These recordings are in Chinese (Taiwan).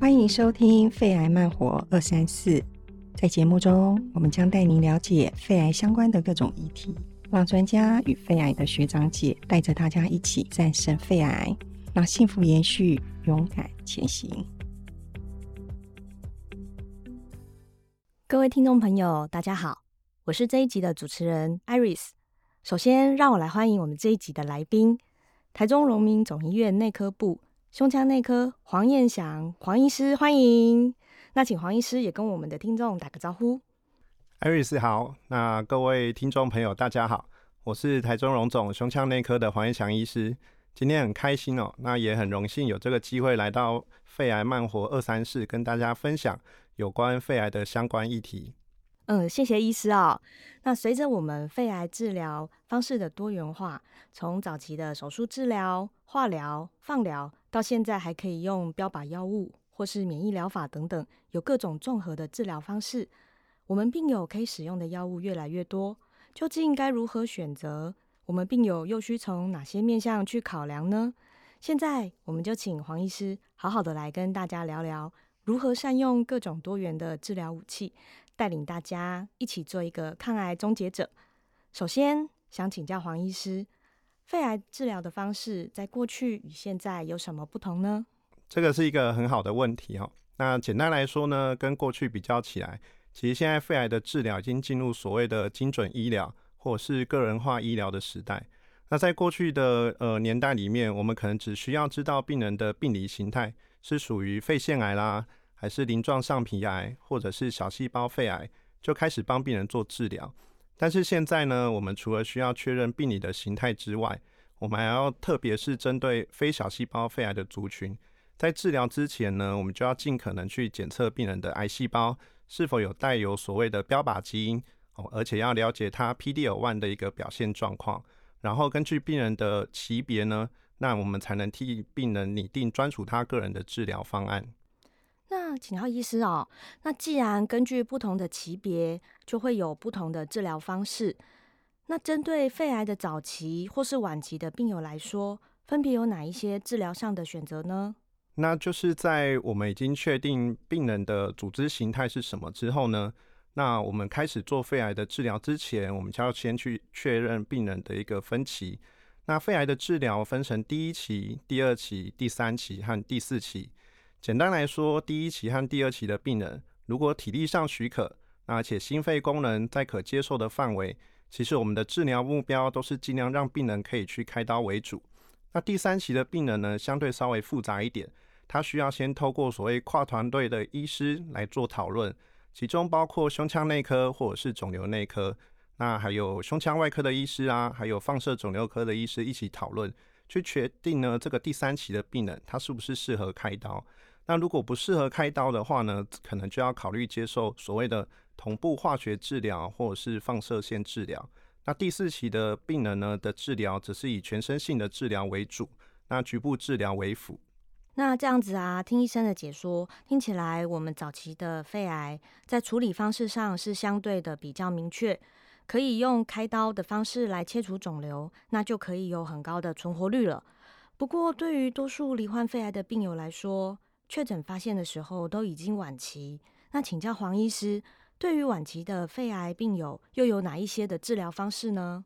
歡迎收聽《肺癌慢活二三四》。在節目中，我們將帶您了解肺癌相關的各種議題，讓專家與肺癌的學長姐帶着大家一起戰勝肺癌，讓幸福延續，勇敢前行。各位聽眾朋友，大家好，我是這一集的主持人 Iris。首先，讓我來歡迎我們這一集的來賓——台中榮民總醫院內科部。胸腔內科黃彥翔黃醫師，歡迎。那請黃醫師也跟我們的聽眾打個招呼。艾瑞斯，好。那各位聽眾朋友，大家好，我是台中榮總胸腔內科的黃彥翔醫師。今天很開心哦，那也很榮幸有這個機會來到肺癌慢活二三事，跟大家分享有關肺癌的相關議題。嗯，謝謝醫師哦。那隨着我們肺癌治療方式的多元化，從早期的手術治療、化療、放療，到現在還可以用標靶藥物或是免疫療法等等，有各種綜合的治療方式。我們病友可以使用的藥物越來越多，究竟該如何選擇？我們病友又需從哪些面向去考量呢？現在我們就請黃醫師好好的來跟大家聊聊，如何善用各種多元的治療武器，帶領大家一起做一個抗癌終結者。首先想請教黃醫師。肺癌治療的方式在過去與現在有什麼不同呢？這個是一個很好的問題哦。那簡單來說呢，跟過去比較起來，其實現在肺癌的治療已經進入所謂的精準醫療或者是個人化醫療的時代。那在過去的呃年代裡面，我們可能只需要知道病人的病理形態是屬於肺腺癌啦，還是鱗狀上皮癌，或者是小細胞肺癌，就開始幫病人做治療。但是現在呢，我們除了需要確認病理的形態之外，我們還要特別是針對非小細胞肺癌的族群，在治療之前呢，我們就要盡可能去檢測病人的癌細胞是否有帶有所謂的標靶基因哦，而且要了解他 PD-L1 的一個表現狀況，然後根據病人的級別呢，那我們才能替病人擬定專屬他個人的治療方案。那，請教醫師哦，那既然根據不同的級別，就會有不同的治療方式。那針對肺癌的早期或是晚期的病友來說，分別有哪一些治療上的選擇呢？那就是在我們已經確定病人的組織形態是什麼之後呢，那我們開始做肺癌的治療之前，我們就要先去確認病人的一個分期。那肺癌的治療分成第一期、第二期、第三期和第四期。簡單來說，第一期和第二期的病人，如果體力上許可，而且心肺功能在可接受的範圍，其實我們的治療目標都是盡量讓病人可以去開刀為主。那第三期的病人呢，相對稍微複雜一點，他需要先透過所謂跨團隊的醫師來做討論，其中包括胸腔內科或者是腫瘤內科，那還有胸腔外科的醫師啊，還有放射腫瘤科的醫師一起討論，去確定呢這個第三期的病人他是不是適合開刀。那如果不適合開刀的話呢，可能就要考慮接受所謂的同步化學治療或者是放射線治療。那第四期的病人呢的治療則是以全身性的治療為主，那局部治療為輔。那這樣子啊，聽醫生的解說，聽起來我們早期的肺癌在處理方式上是相對的比較明確，可以用開刀的方式來切除腫瘤，那就可以有很高的存活率了。不過對於多數罹患肺癌的病友來說，確診發現的時候都已經晚期，那請教黃醫師，對於晚期的肺癌病友，又有哪一些的治療方式呢？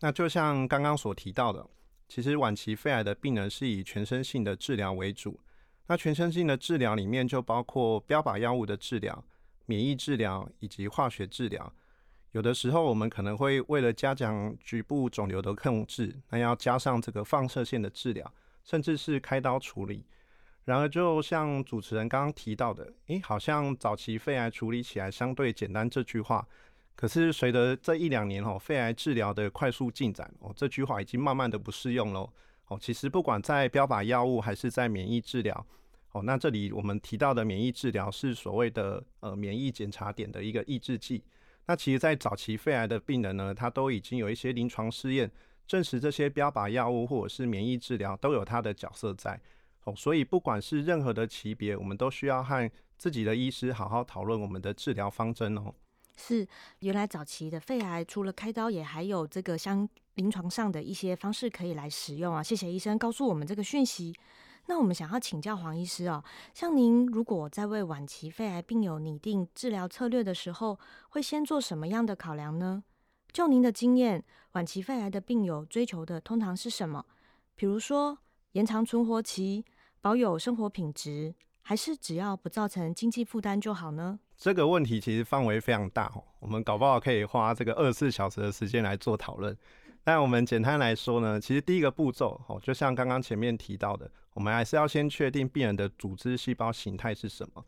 那就像剛剛所提到的，其實晚期肺癌的病人是以全身性的治療為主。那全身性的治療裡面就包括標靶藥物的治療、免疫治療以及化學治療。有的時候我們可能會為了加強局部腫瘤的控制，那要加上這個放射線的治療，甚至是開刀處理。然而，就像主持人剛剛提到的，誒，好像早期肺癌處理起來相對簡單這句話，可是隨着這一兩年哦，肺癌治療的快速進展哦，這句話已經慢慢的不適用嘍。哦，其實不管在標靶藥物還是在免疫治療，哦，那這裡我們提到的免疫治療是所謂的呃免疫檢查點的一個抑制劑。那其實，在早期肺癌的病人呢，他都已經有一些臨床試驗證實這些標靶藥物或者是免疫治療都有它的角色在。哦，所以不管是任何的級別，我們都需要和自己的醫師好好討論我們的治療方針哦。是，原來早期的肺癌除了開刀，也還有這個像臨床上的一些方式可以來使用啊。謝謝醫生告訴我們這個訊息。那我們想要請教黃醫師哦、啊，像您如果在為晚期肺癌病友擬定治療策略的時候，會先做什麼樣的考量呢？就您的經驗，晚期肺癌的病友追求的通常是什麼？比如說延長存活期。保有生活品質，還是只要不造成經濟負擔就好呢？這個問題其實範圍非常大哦。我們搞不好可以花這個二十四小時的時間來做討論。但我們簡單來說呢，其實第一個步驟哦，就像剛剛前面提到的，我們還是要先確定病人的組織細胞形態是什麼。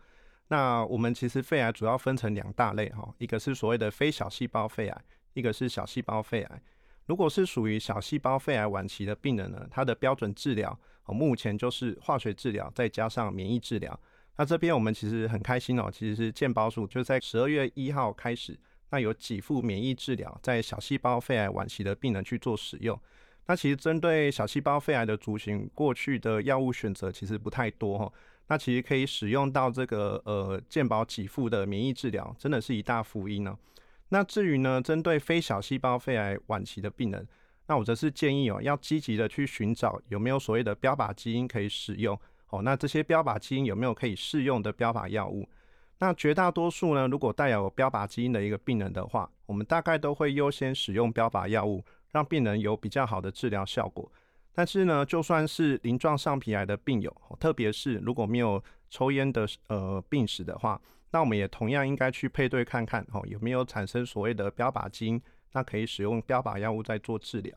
那我們其實肺癌主要分成兩大類哈，一個是所謂的非小細胞肺癌，一個是小細胞肺癌。如果是屬於小細胞肺癌晚期的病人呢，他的標準治療。哦，目前就是化學治療再加上免疫治療。那這邊我們其實很開心哦、喔，其實是健保署就在十二月一號開始，那有給付免疫治療在小細胞肺癌晚期的病人去做使用。那其實針對小細胞肺癌的族群，過去的藥物選擇其實不太多哈、喔。那其實可以使用到這個呃健保給付的免疫治療，真的是一大福音呢、喔。那至於呢，針對非小細胞肺癌晚期的病人。那我則是建議哦，要積極的去尋找有沒有所謂的標靶基因可以使用哦。那這些標靶基因有沒有可以適用的標靶藥物？那絕大多數呢，如果帶有標靶基因的一個病人的話，我們大概都會優先使用標靶藥物，讓病人有比較好的治療效果。但是呢，就算是鱗狀上皮癌的病友，特別是如果沒有抽菸的呃病史的話，那我們也同樣應該去配對看看哦，有沒有產生所謂的標靶基因。那可以使用標靶藥物在做治療。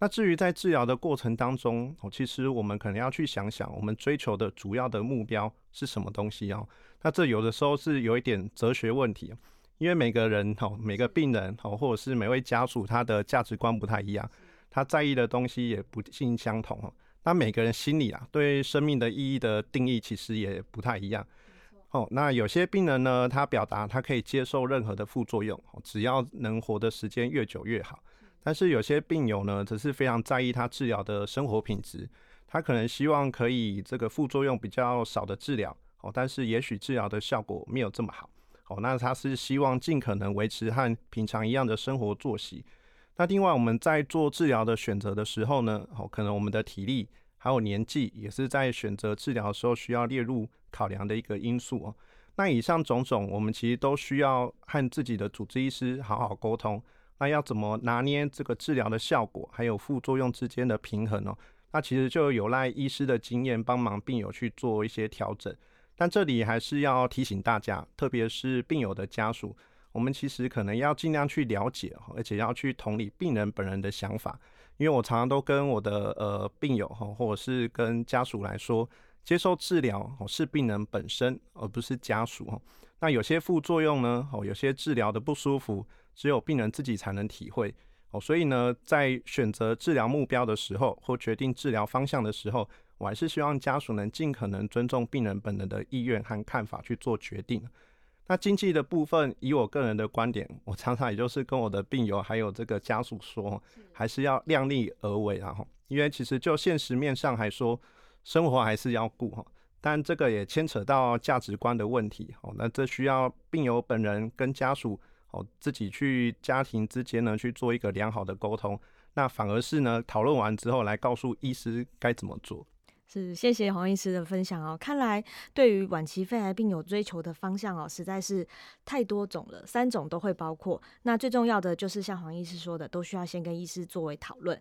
那至於在治療的過程當中，哦，其實我們可能要去想想，我們追求的主要的目標是什麼東西哦？那這有的時候是有一點哲學問題，因為每個人哦，每個病人哦，或者是每位家屬，他的價值觀不太一樣，他在意的東西也不盡相同哦。那每個人心裡啊，對生命的意義的定義其實也不太一樣。哦，那有些病人呢，他表達他可以接受任何的副作用，只要能活的時間越久越好。但是有些病友呢，則是非常在意他治療的生活品質，他可能希望可以這個副作用比較少的治療，哦，但是也許治療的效果沒有這麼好，哦，那他是希望盡可能維持和平常一樣的生活作息。那另外我們在做治療的選擇的時候呢，哦，可能我們的體力。還有年紀也是在選擇治療的時候需要列入考量的一個因素哦。那以上種種，我們其實都需要和自己的主治醫師好好溝通。那要怎麼拿捏這個治療的效果還有副作用之間的平衡，那其實就有賴醫師的經驗幫忙病友去做一些調整。但這裡還是要提醒大家，特別是病友的家屬，我們其實可能要盡量去了解，而且要去同理病人本人的想法。因為我常常都跟我的呃病友哈，或者是跟家屬來說，接受治療是病人本身，而不是家屬哈。那有些副作用呢，有些治療的不舒服，只有病人自己才能體會哦。所以呢，在選擇治療目標的時候，或決定治療方向的時候，我還是希望家屬能盡可能尊重病人本人的意願和看法去做決定。那經濟的部分，以我個人的觀點，我常常也就是跟我的病友還有這個家屬說，還是要量力而為，啦哈，因為其實就現實面上還說生活還是要顧哈，但這個也牽扯到價值觀的問題哦，那這需要病友本人跟家屬哦自己去家庭之間呢去做一個良好的溝通，那反而是呢討論完之後來告訴醫師該怎麼做。是，謝謝黃醫師的分享哦。看來對於晚期肺癌病友追求的方向哦，實在是太多種了，三種都會包括。那最重要的就是像黃醫師說的，都需要先跟醫師作為討論。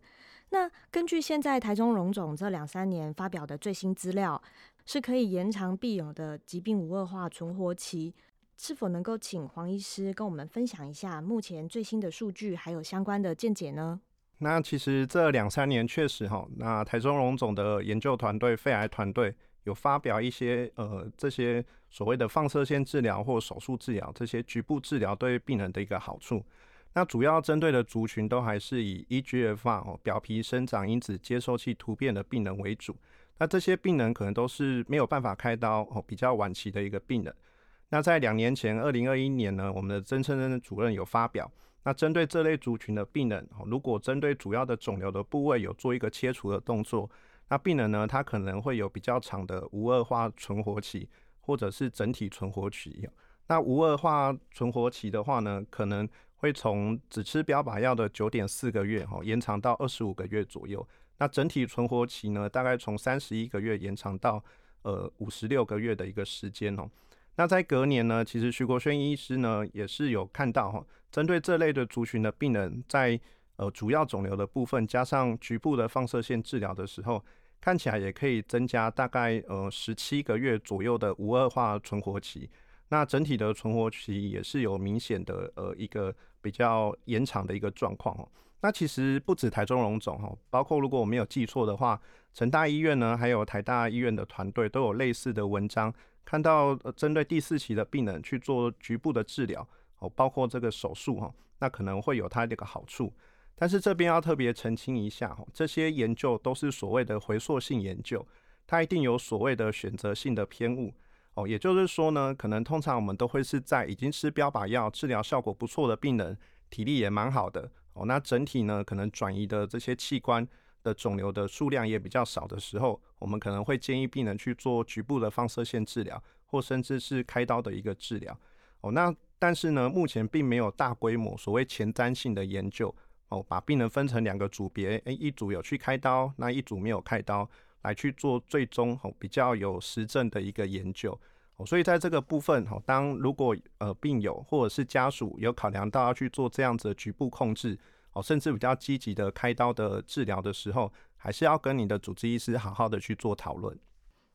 那根據現在台中榮總這兩三年發表的最新資料，是可以延長病友的疾病無惡化存活期，是否能夠請黃醫師跟我們分享一下目前最新的數據，還有相關的見解呢？那其實這兩三年確實哈、哦，那台中榮總的研究團隊肺癌團隊有發表一些呃這些所謂的放射線治療或手術治療這些局部治療對病人的一個好處。那主要針對的族群都還是以 EGFR、哦、表皮生長因子接收器突變的病人為主。那這些病人可能都是沒有辦法開刀哦，比較晚期的一個病人。那在兩年前，二零二一年呢，我們的曾春生、生主任有發表。那針對這類族群的病人，如果針對主要的腫瘤的部位有做一個切除的動作，那病人呢，他可能會有比較長的無惡化存活期，或者是整體存活期。那無惡化存活期的話呢，可能會從只吃標靶藥的九點四個月哈、哦，延長到二十五個月左右。那整體存活期呢，大概從三十一個月延長到呃五十六個月的一個時間哦。那在隔年呢，其實徐國軒醫師呢也是有看到哈，針對這類的族群的病人，在呃主要腫瘤的部分加上局部的放射線治療的時候，看起來也可以增加大概呃十七個月左右的無惡化存活期。那整體的存活期也是有明顯的呃一個比較延長的一個狀況哦。那其實不止台中榮腫，包括如果我沒有記錯的話，成大醫院呢還有台大醫院的團隊都有類似的文章。看到，呃，針對第四期的病人去做局部的治療哦，包括這個手術哈，那可能會有它這個好處。但是這邊要特別澄清一下哦，這些研究都是所謂的回溯性研究，它一定有所謂的選擇性的偏誤哦。也就是說呢，可能通常我們都會是在已經吃標靶藥治療效果不錯的病人，體力也蠻好的哦。那整體呢，可能轉移的這些器官。的腫瘤的數量也比較少的時候，我們可能會建議病人去做局部的放射線治療，或甚至是開刀的一個治療。哦，那但是呢，目前並沒有大規模所謂前瞻性的研究，哦，把病人分成兩個組別，哎、欸，一組有去開刀，那一組沒有開刀，來去做最終、哦、比較有實證的一個研究。哦，所以在這個部分，哦，當如果呃病友或者是家屬有考量到要去做這樣子的局部控制，甚至比較積極的開刀的治療的時候，還是要跟你的主治醫師好好的去做討論。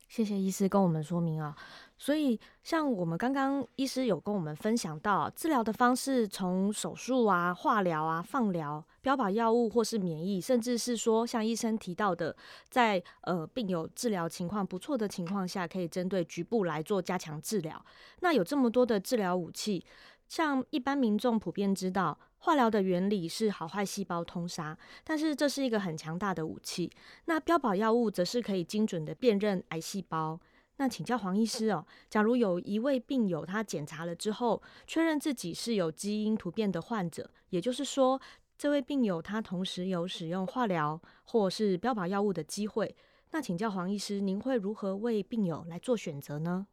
謝謝醫師跟我們說明啊。所以像我們剛剛醫師有跟我們分享到啊，治療的方式從手術啊、化療啊、放療、標靶藥物，或是免疫，甚至是說像醫生提到的，在呃病友治療情況不錯的情況下，可以針對局部來做加強治療。那有這麼多的治療武器，像一般民眾普遍知道。化療的原理是好壞細胞通殺，但是這是一個很強大的武器。那標靶藥物則是可以精準的辨認癌細胞。那請教黃醫師哦，假如有一位病友他檢查了之後確認自己是有基因突變的患者，也就是說這位病友他同時有使用化療或是標靶藥物的機會，那請教黃醫師，您會如何為病友來做選擇呢？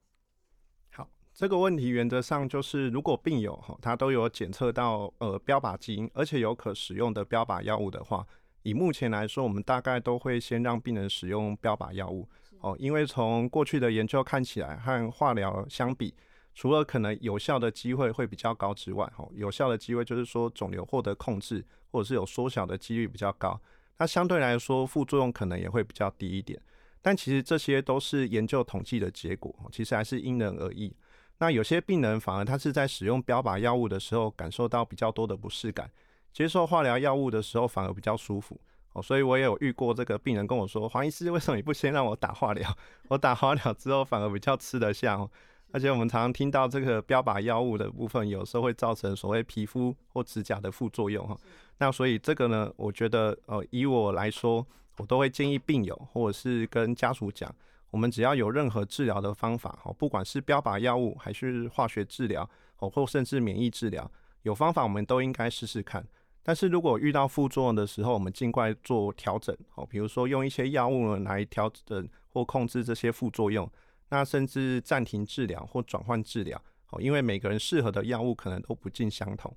這個問題原則上就是，如果病友哈、哦、他都有檢測到呃標靶基因，而且有可使用的標靶藥物的話，以目前來說，我們大概都會先讓病人使用標靶藥物哦，因為從過去的研究看起來，和化療相比，除了可能有效的機會會比較高之外，哈、哦、有效的機會就是說腫瘤獲得控制或者是有縮小的幾率比較高，那相對來說副作用可能也會比較低一點。但其實這些都是研究統計的結果、哦，其實還是因人而異。那有些病人反而他是在使用標靶藥物的時候感受到比較多的不適感，接受化療藥物的時候反而比較舒服哦。所以我也有遇過這個病人跟我說，黃醫師，為什麼你不先讓我打化療？我打化療之後反而比較吃得下哦。而且我們常常聽到這個標靶藥物的部分，有時候會造成所謂皮膚或指甲的副作用哈、哦。那所以這個呢，我覺得呃，以我來說，我都會建議病友或者是跟家屬講。我們只要有任何治療的方法，不管是標靶藥物還是化學治療，哦，或甚至免疫治療，有方法我們都應該試試看。但是如果遇到副作用的時候，我們盡快做調整，哦，比如說用一些藥物來調整或控制這些副作用，那甚至暫停治療或轉換治療，哦，因為每個人適合的藥物可能都不盡相同。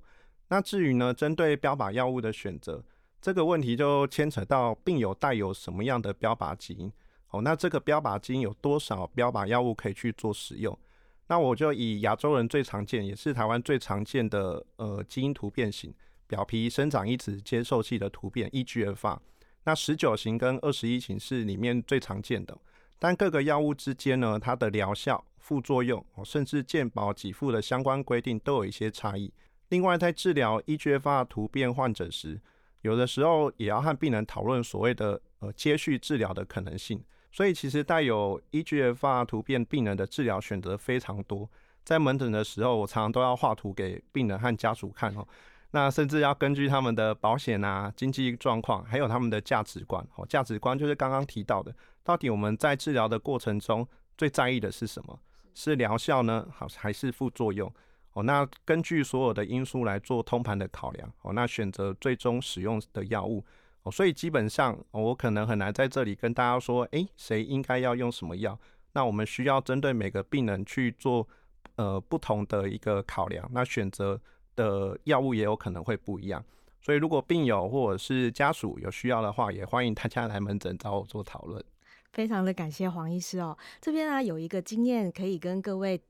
那至於呢，針對標靶藥物的選擇，這個問題就牽扯到病友帶有什麼樣的標靶基因。那這個標靶基因有多少標靶藥物可以去做使用？那我就以亞洲人最常見，也是台灣最常見的呃基因突變型表皮生長因子接受器的突變 EGFR。那十九型跟二十一型是裡面最常見的。但各個藥物之間呢，它的療效、副作用，甚至健保給付的相關規定都有一些差異。另外，在治療 EGFR 突變患者時，有的時候也要和病人討論所謂的呃接續治療的可能性。所以其實帶有 EGFR 突變病人的治療選擇非常多，在門診的時候，我常常都要畫圖給病人和家屬看哦。那甚至要根據他們的保險啊、經濟狀況，還有他們的價值觀哦。價值觀就是剛剛提到的，到底我們在治療的過程中最在意的是什麼？是療效呢？好，還是副作用？哦，那根據所有的因素來做通盤的考量哦，那選擇最終使用的藥物。所以基本上我可能很難在這裡跟大家說，哎、欸，誰應該要用什麼藥？那我們需要針對每個病人去做呃不同的一個考量，那選擇的藥物也有可能會不一樣。所以如果病友或者是家屬有需要的話，也歡迎大家來門診找我做討論。非常的感謝黃醫師哦，這邊啊有一個經驗可以跟各位。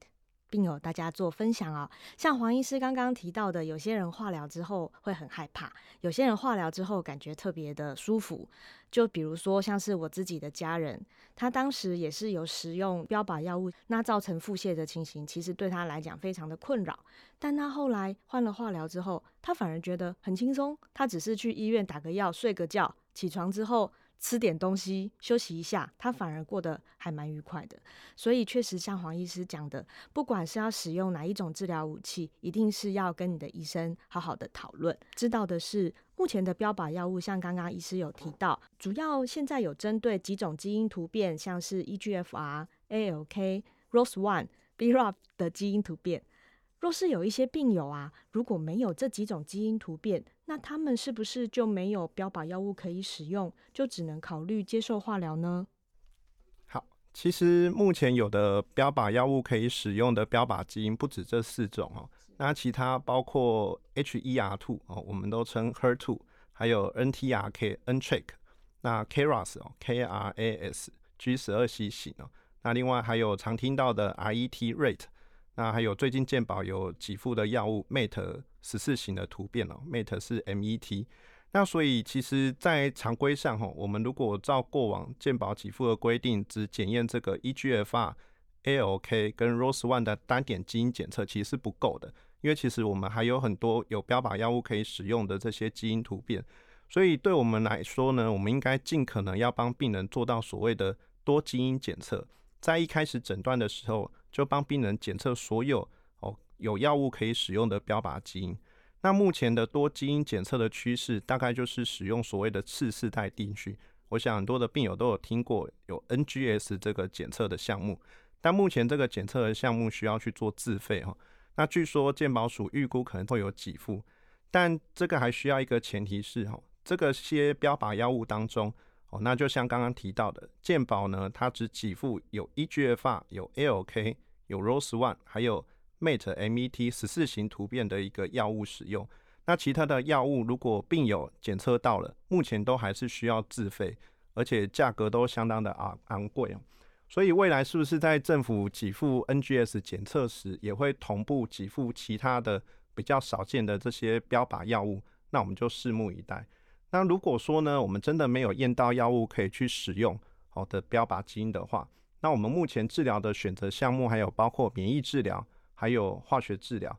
並有大家做分享哦。像黃醫師剛剛提到的，有些人化療之後會很害怕，有些人化療之後感覺特別的舒服。就比如說，像是我自己的家人，他當時也是有使用標靶藥物，那造成腹瀉的情形，其實對他來講非常的困擾。但他後來換了化療之後，他反而覺得很輕鬆。他只是去醫院打個藥，睡個覺，起床之後，吃點東西，休息一下，他反而過得還蠻愉快的。所以確實像黃醫師講的，不管是要使用哪一種治療武器，一定是要跟你的醫生好好的討論。知道的是，目前的標靶藥物，像剛剛醫師有提到，主要現在有針對幾種基因突變，像是 EGFR、ALK、ROS1、BRAF 的基因突變。若是有一些病友啊，如果沒有這幾種基因突變，那他們是不是就沒有標靶藥物可以使用，就只能考慮接受化療呢？好，其實目前有的標靶藥物可以使用的標靶基因不止這四種哦。那其他包括 HER2 哦，我們都稱 HER2，還有 NTRK、NTRK，那 KRAS 哦，KRAS、G 十二 C 型哦，那另外還有常聽到的 RET、r a t，那還有最近健保有幾副的藥物 MET。十四型的突變哦 m e t 是 MET，那所以其實，在常規上哈，我們如果照過往健保給付的規定，只檢驗這個 EGFR、ALK 跟 ROS1 的單點基因檢測，其實是不夠的，因為其實我們還有很多有標靶藥物可以使用的這些基因突變，所以對我們來說呢，我們應該盡可能要幫病人做到所謂的多基因檢測，在一開始診斷的時候就幫病人檢測所有。有藥物可以使用的標靶基因，那目前的多基因檢測的趨勢大概就是使用所謂的次世代定序。我想很多的病友都有聽過有 NGS 這個檢測的項目，但目前這個檢測的項目需要去做自費哈。那據說健保署預估可能會有給付，但這個還需要一個前提是哈，這個些標靶藥物當中哦，那就像剛剛提到的健保呢，它只給付有 EGFR、有 ALK、有 ROS1，還有。Mate M E T 十四型突變的一個藥物使用，那其他的藥物如果病友檢測到了，目前都還是需要自費，而且價格都相當的啊昂貴哦。所以未來是不是在政府給付 N G S 檢測時，也會同步給付其他的比較少見的這些標靶藥物？那我們就拭目以待。那如果說呢，我們真的沒有驗到藥物可以去使用好的標靶基因的話，那我們目前治療的選擇項目還有包括免疫治療。還有化學治療，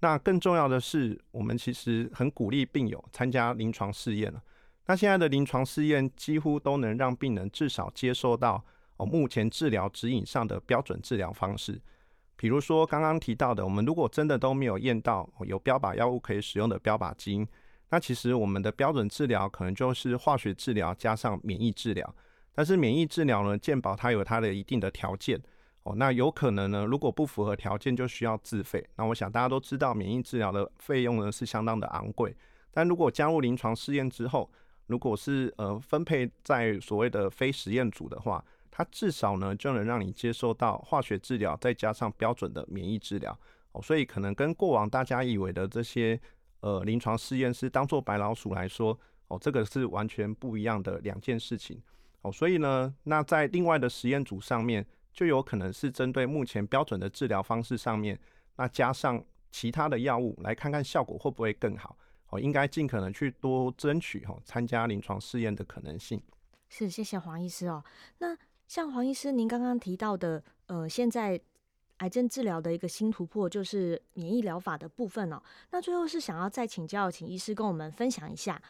那更重要的是，我們其實很鼓勵病友參加臨床試驗了。那現在的臨床試驗幾乎都能讓病人至少接受到哦目前治療指引上的標準治療方式。比如說剛剛提到的，我們如果真的都沒有驗到有標靶藥物可以使用的標靶基因，那其實我們的標準治療可能就是化學治療加上免疫治療。但是免疫治療呢，健保它有它的一定的條件。哦，那有可能呢。如果不符合條件，就需要自費。那我想大家都知道，免疫治療的費用呢是相當的昂貴。但如果加入臨床試驗之後，如果是呃分配在所謂的非實驗組的話，它至少呢就能讓你接受到化學治療，再加上標準的免疫治療。哦，所以可能跟過往大家以為的這些呃臨床試驗是當做白老鼠來說，哦，這個是完全不一樣的兩件事情。哦，所以呢，那在另外的實驗組上面。就有可能是針對目前標準的治療方式上面，那加上其他的藥物來看看效果會不會更好。哦，應該盡可能去多爭取吼參加臨床試驗的可能性。是，謝謝黃醫師哦。那像黃醫師您剛剛提到的，呃，現在癌症治療的一個新突破就是免疫療法的部分哦。那最後是想要再請教，請醫師跟我們分享一下，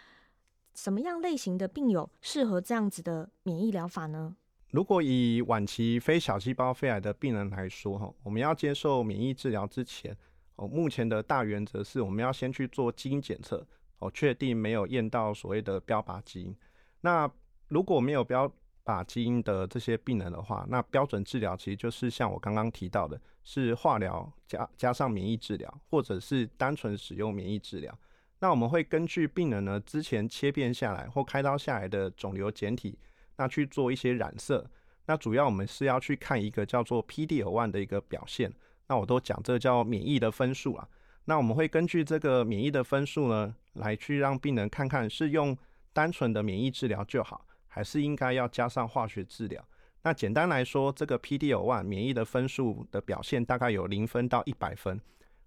什麼樣類型的病友適合這樣子的免疫療法呢？如果以晚期非小細胞肺癌的病人來說，哈，我們要接受免疫治療之前，哦，目前的大原則是，我們要先去做基因檢測，哦，確定沒有驗到所謂的標靶基因。那如果沒有標靶基因的這些病人的話，那標準治療其實就是像我剛剛提到的，是化療加加上免疫治療，或者是單純使用免疫治療。那我們會根據病人呢之前切片下來或開刀下來的腫瘤檢體。那去做一些染色，那主要我們是要去看一個叫做 PD-L1 的一個表現。那我都講這叫免疫的分數啊，那我們會根據這個免疫的分數呢，來去讓病人看看是用單純的免疫治療就好，還是應該要加上化學治療？那簡單來說，這個 PD-L1 免疫的分數的表現大概有零分到一百分。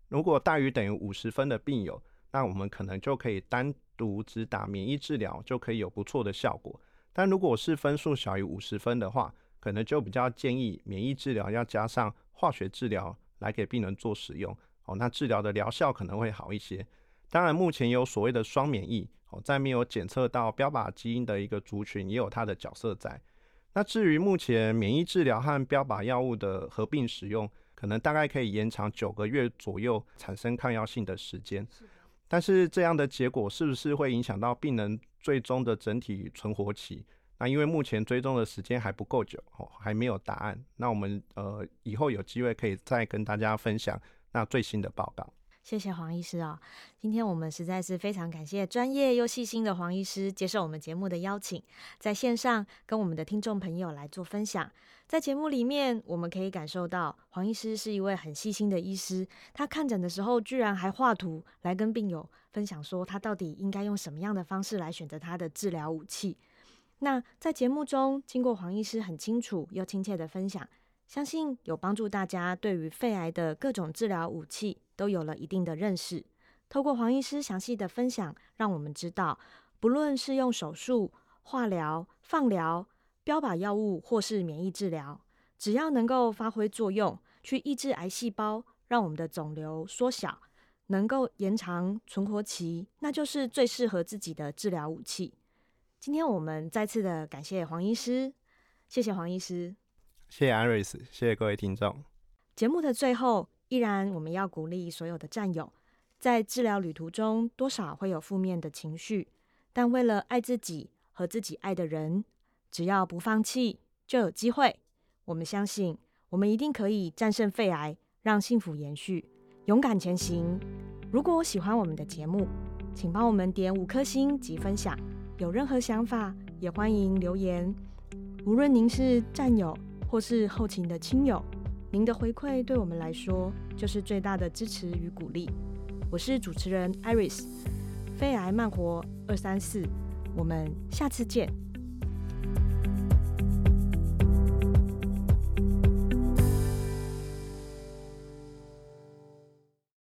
如果大於等於五十分的病友，那我們可能就可以單獨只打免疫治療，就可以有不錯的效果。但如果是分數小於五十分的話，可能就比較建議免疫治療要加上化學治療來給病人做使用哦，那治療的療效可能會好一些。當然，目前有所謂的雙免疫哦，在沒有檢測到標靶基因的一個族群也有它的角色在。那至於目前免疫治療和標靶藥物的合併使用，可能大概可以延長九個月左右產生抗藥性的時間。但是這樣的結果是不是會影響到病人？最終的整體存活期，那因為目前追蹤的時間還不夠久，還沒有答案。那我們呃，以後有機會可以再跟大家分享那最新的報告。謝謝黃醫師啊！今天我們實在是非常感謝專業又細心的黃醫師接受我們節目的邀請，在線上跟我們的聽眾朋友來做分享。在節目裡面，我們可以感受到黃醫師是一位很細心的醫師，他看診的時候居然還畫圖來跟病友分享，說他到底應該用什麼樣的方式來選擇他的治療武器。那在節目中，經過黃醫師很清楚又親切的分享，相信有幫助大家對於肺癌的各種治療武器。都有了一定的認識。透過黃醫師詳細的分享，讓我們知道，不論是用手術、化療、放療、標靶藥物或是免疫治療，只要能夠發揮作用，去抑制癌細胞，讓我們的腫瘤縮小，能夠延長存活期，那就是最適合自己的治療武器。今天我們再次的感謝黃醫師，謝謝黃醫師，謝謝 Iris，謝謝各位聽眾。節目的最後。雖然，我們要鼓勵所有的戰友，在治療旅途中，多少會有負面的情緒，但為了愛自己和自己愛的人，只要不放棄，就有機會。我們相信，我們一定可以戰勝肺癌，讓幸福延續，勇敢前行。如果喜歡我們的節目，請幫我們點五顆星及分享。有任何想法，也歡迎留言。無論您是戰友，或是後勤的親友。您的回饋對我們來說就是最大的支持與鼓勵。我是主持人 Iris，肺癌慢活二三四，我們下次見。